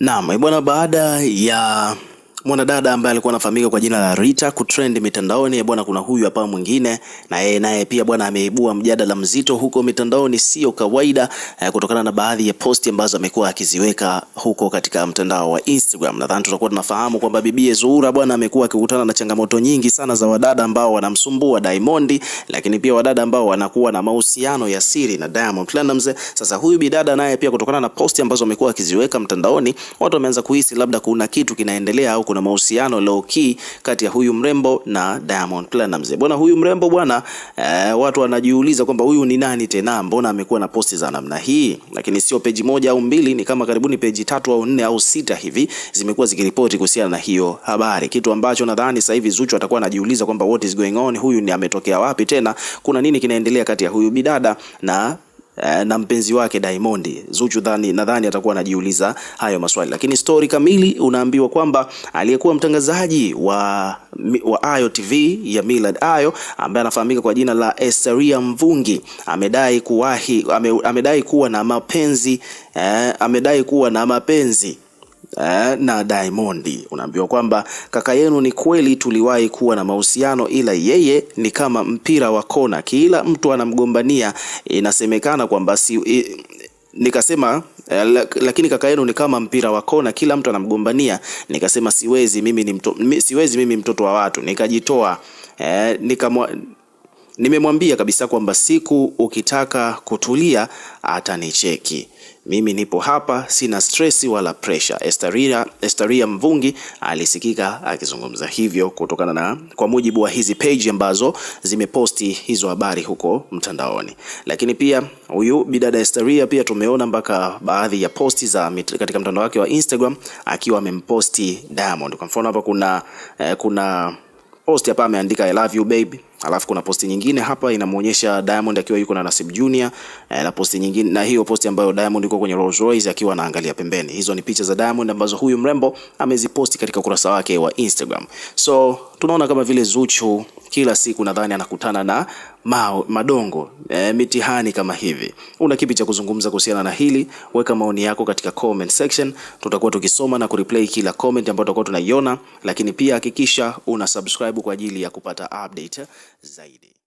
Naam, eh, bwana, baada ya mwanadada ambaye alikuwa anafahamika kwa jina la Rita kutrend mitandaoni eh, bwana. Kuna huyu hapa mwingine na yeye naye pia bwana ameibua mjadala mzito huko mitandaoni, sio kawaida eh, kutokana na baadhi ya posti ambazo amekuwa akiziweka huko katika mtandao wa Instagram. Nadhani tutakuwa tunafahamu kwamba bibie Zuhura bwana amekuwa akikutana na changamoto nyingi sana za wadada ambao wanamsumbua Diamond, lakini pia wadada ambao wanakuwa na mahusiano ya siri na Diamond Platinumz. Sasa huyu bidada naye pia kutokana na posti ambazo amekuwa akiziweka mtandaoni, watu wameanza kuhisi labda kuna kitu kinaendelea au kuna mahusiano low key kati ya huyu mrembo na Diamond Platinumz. Bwana huyu mrembo bwana e, watu wanajiuliza kwamba huyu ni nani tena, mbona amekuwa na posti za namna hii? Lakini sio peji moja au mbili, ni kama karibuni peji tatu au nne au sita hivi zimekuwa zikiripoti kuhusiana na hiyo habari, kitu ambacho nadhani sasa hivi Zuchu atakuwa anajiuliza kwamba what is going on, huyu ni ametokea wapi tena, kuna nini kinaendelea kati ya huyu bidada na Eh, na mpenzi wake Diamond. Zuchu dhani nadhani atakuwa anajiuliza hayo maswali, lakini story kamili unaambiwa kwamba aliyekuwa mtangazaji wa, wa Ayo TV ya Millard Ayo ambaye anafahamika kwa jina la Esteria Mvungi amedai kuwahi amedai kuwa na mapenzi eh, amedai kuwa na mapenzi eh, na Diamond. Unaambiwa kwamba kaka yenu ni kweli tuliwahi kuwa na mahusiano, ila yeye ni kama mpira wa kona, kila mtu anamgombania. Inasemekana kwamba si i, nikasema eh, lakini kaka yenu ni kama mpira wa kona, kila mtu anamgombania. Nikasema siwezi mimi, ni mto, siwezi mimi mtoto wa watu, nikajitoa eh, nikamwa nimemwambia kabisa kwamba siku ukitaka kutulia atanicheki. Mimi nipo hapa, sina stress wala pressure. Estaria, Estaria Mvungi alisikika akizungumza hivyo kutokana na kwa mujibu wa hizi page ambazo zimeposti hizo habari huko mtandaoni. Lakini pia huyu bidada Estaria pia tumeona mpaka baadhi ya posti za katika mtandao wake wa Instagram akiwa amemposti Diamond. Kwa mfano hapa kuna eh, kuna post hapa ameandika I love you baby Alafu kuna posti nyingine hapa inamuonyesha Diamond akiwa yuko na Nasib Junior eh, na posti nyingine, na hiyo posti ambayo Diamond yuko kwenye Rolls Royce akiwa anaangalia pembeni. Hizo ni picha za Diamond ambazo huyu mrembo ameziposti katika ukurasa wake wa Instagram. So tunaona kama vile Zuchu kila siku nadhani anakutana na mao, madongo e, mitihani kama hivi. Una kipi cha kuzungumza kuhusiana na hili? Weka maoni yako katika comment section, tutakuwa tukisoma na kureplay kila comment ambayo tutakuwa tunaiona, lakini pia hakikisha una subscribe kwa ajili ya kupata update zaidi.